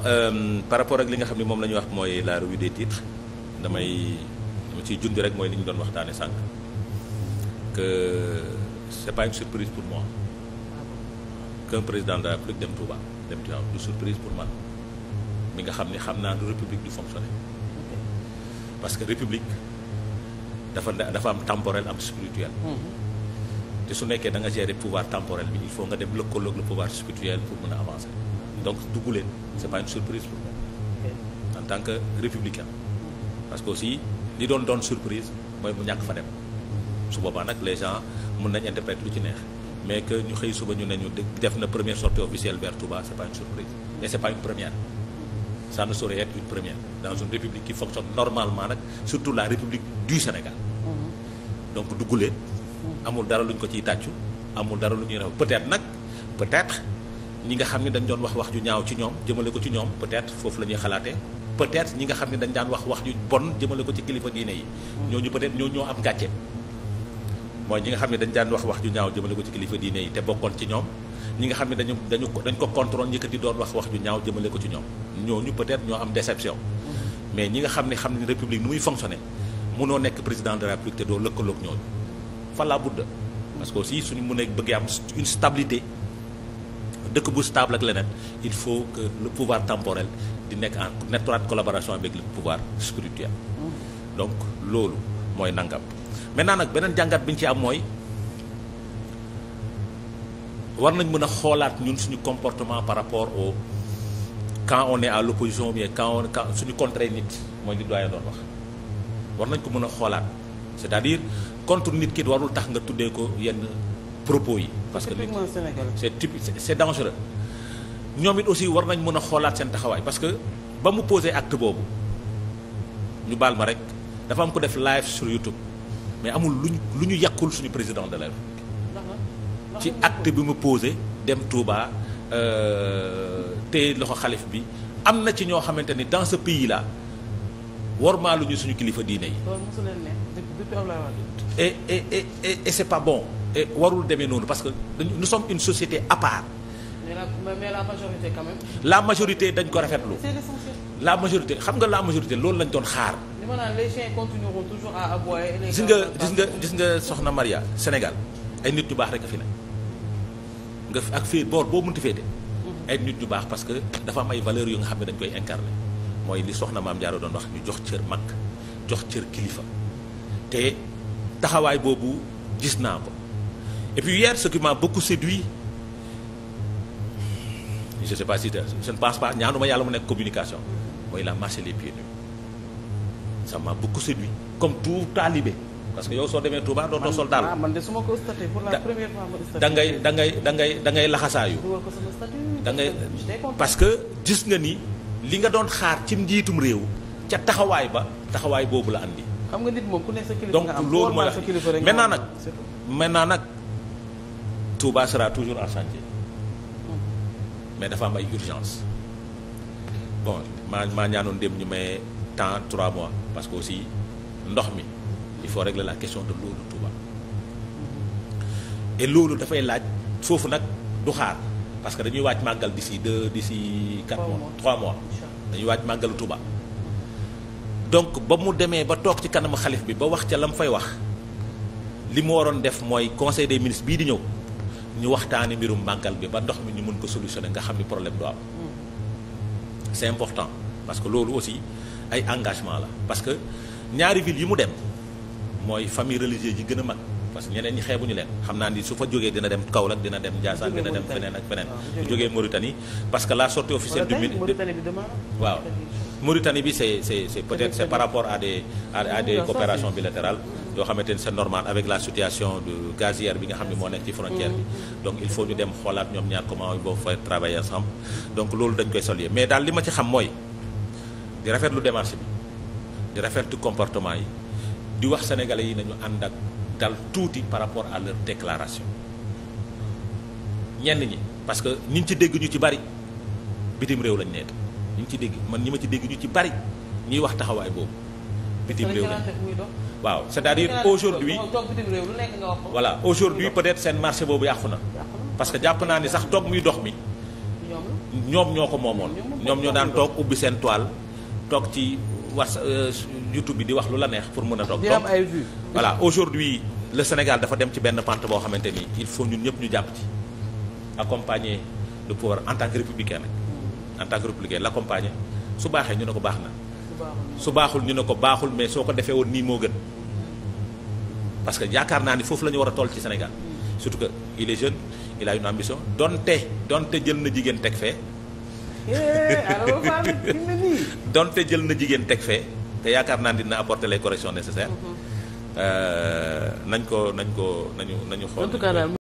Euh, par rapport ak li nga xam ne moom la ñuy wax mooy la revue de titres damay dama ciy junj rek mooy li ñu doon waxtaane sànq que c'est pas une surprise pour moi qu'un président de la République dem Touba dem Tivaouane du surprise pour man mi nga xam ni xam naa du république du fonctionner parce que république dafa dafa am temporel am spirituel. Mm-hmm. te su nekkee da nga gérer pouvoir temporel bi il faut nga dem lëkkaloog le pouvoir spirituel pour mën a avancer donc duggu leen c' est pas une surprise pour moi en tant que républicain parce que aussi li doon doon surprise mooy mu ñàkk fa dem su boobaa nag les gens mun nañ interpréter lu ci neex mais que ñu xëy suba ñu ne ñu def na première sortie officielle vers Touba c' est pas une surprise et c' est pas une première ça ne saurait être une première dans une république qui la république du Sénégal mm-hmm. donc dugg amul dara luñ ko ciy tàccu amul dara lu ñuy raw peut-être nag peut-être ñi nga xam ne dañ doon wax wax ju ñaaw ci ñoom jëmale ko ci ñoom peut-être foofu la ñuy xalaatee peut-être ñi nga xam ne dañ daan wax wax ju bon jëmale ko ci kilifa diine yi ñooñu peut-être ñoo ñoo am gàcce mooy ñi nga xam ne dañ daan wax wax ju ñaaw jëmale ko ci kilifa diine yi te bokkoon ci ñoom ñi nga xam ne dañu dañu dañ ko contrôle yëkkati doon wax wax ju ñaaw jëmale ko ci ñoom ñooñu peut ñoo am déception mm-hmm. mais ñi nga xam ne xam ne république nu muy fonctionner mënoo nekk président de la république te doo lëkkaloog ñooñu fa la budda parce que aussi suñu mën a bëggee am une stabilité dëkk bu stable ak leneen il faut que le pouvoir temporel di nekk en étroite collaboration avec le pouvoir spirituel donc loolu mooy nangam maintenant nag beneen jàngat bi ñu ci am mooy war nañ mën a xoolaat ñun suñu comportement par rapport au quand on est à l'opposition bien quand on quand suñu contre nit mooy li doyen doon wax war nañ ko mën a xoolaat c'est-à-dire contre nit ki warul tax nga tuddee ko yenn propos yi. parce que nit c'est typique c'est dangereux. ñoom it aussi war nañ mën a xoolaat seen taxawaay parce que ba mu posé acte boobu ñu baal ma rek dafa am ko def live sur YouTube mais amul luñ lu ñu yàqul suñu président de la ci acte bi mu posé dem Touba euh, téye loxo xalif bi am na ci ñoo xamante ni dans ce pays là. warmaaluñu suñu kilifa diine yi. loolu mosu leen ne et c'est pas bon warul demee noonu parce que nous sommes une société à part. mais la la majorité dañ ko rafetlu. c'est la majorité xam nga la majorité loolu lañ doon xaar. li gis nga gis nga gis nga soxna Maria Sénégal ay nit ñu baax rek a fi ne nga ak fii boor boo mënti féete. Mm-hmm. ay nit ñu baax parce que dafa am ay valeur yu nga xam ne dañ koy incarner. mooy li soxna maam Jaara doon wax ñu jox cër mag jox cër kilifa te taxawaay boobu gis naa ko et puis hier ce qui m'a beaucoup séduit ñaanuma yàlla mu nekk communication mooy la marché les pieds nus ça m'a beaucoup séduit comme tout talibé parce que yow soo demee Touba dootoo sol daal ah, man de su ma ko da ngay da ngay da ngay da laxasaayu da ngay gis nga ni li nga doon xaar ci njiitum réew ca taxawaay ba taxawaay boobu la andi. xam nga nit moom ku ne sa nga am donc loolu ma la maintenant nag maintenant nag Touba toujours en chantier hmm. mais dafa am ay urgence bon maa maa ñaanoon dem ñu may temps trois mois parce que aussi ndox mi il faut régler la question de l'eau de Touba hmm. loolu dafay laaj foofu nag du xaar. parce que dañuy waaj màggal d'ici deux d'ici quatre mois trois mois dañuy waaj màggalu Touba. donc ba mu demee ba toog ci kanamu xalif bi ba wax ca la mu fay wax li mu waroon def mooy conseil des ministres bii di ñëw ñu waxtaani mbirum màggal bi ba ndox mi ñu mën ko solutionné nga xam ni problème du am mm. c'est important parce que loolu aussi ay engagement la parce que ñaari ville yi mu dem mooy famille religieuse yi gën a mag parce que ñeneen ñi xeebuñu leen xam naa ni su fa jógee dina dem Kaolack dina dem Ndiassane dina dem feneen ak feneen bu jógee Mauritanie parce que la sortie officielle du ministre waaw Mauritanie bi c'est c'est c'est peut-être c'est par rapport à des à des coopérations bilatérales yoo xamante ni la situation de nga xam ne moo nekk ci frontière bi mm-hmm. donc il faut ñu dem xoolaat ñoom ñaar comment boo fa travailler ensemble donc loolu dañ koy sol saluer mais daal li ma ci xam mooy di rafetlu démarche bi di rafetlu comportement yi di wax sénégalais yi nañu ànd ak dal tuuti par rapport à leur déclaration ñenn ñi parce que ñi ci dégg ñu ci bari bitim réew lañ nekk ñu ci dégg man ñi ma ci dégg ñu ci bari ñuy wax taxawaay boobu bitim réew lañ waaw c'est-à-dire aujourd'hui voilà aujourd'hui peut-être seen marché boobu yàqu na parce que jàpp naa ni sax toog muy dox mi ñoom ñoo ko moomoon ñoom ñoo daan toog ubbi seen toile toog ci whats euh, YouTube bi di wax lu la neex pour mën a toog donc voilà aujourd'hui le Sénégal dafa dem ci benn pente boo xamante ni il faut ñun ñëpp ñu jàpp ci accompagner le pouvoir en tant que républicain nag en tant que républicain l'accompagner su baaxee ñu ne ko baax na su baaxul ñu ne ko baaxul mais soo ko defee woon nii moo gën parce que yaakaar naa ni foofu la ñu war a toll ci Sénégal surtout que il est jeune il a une ambition donte donte jël na jigéen teg fee eh, donte jël na jigéen teg fe te yaakaar naa dina apporter les corrections nécessaires mm-hmm. euh, nañ ko nañ ko nañu nañu xool